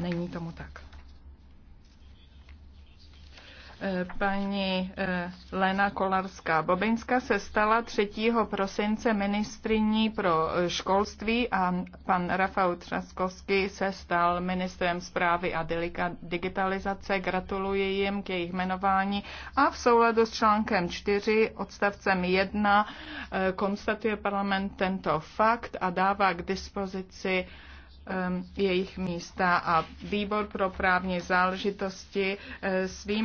Není tomu tak. Eh, paní eh, Lena Kolarská-Bobinská se stala 3. prosince ministriní pro eh, školství a pan Rafał Třaskovský se stal ministrem zprávy a digitalizace. Gratuluji jim k jejich jmenování a v souladu s článkem 4 odstavcem 1 konstatuje parlament tento fakt a dává k dispozici Um, jejich místa a výbor pro právní záležitosti eh, svým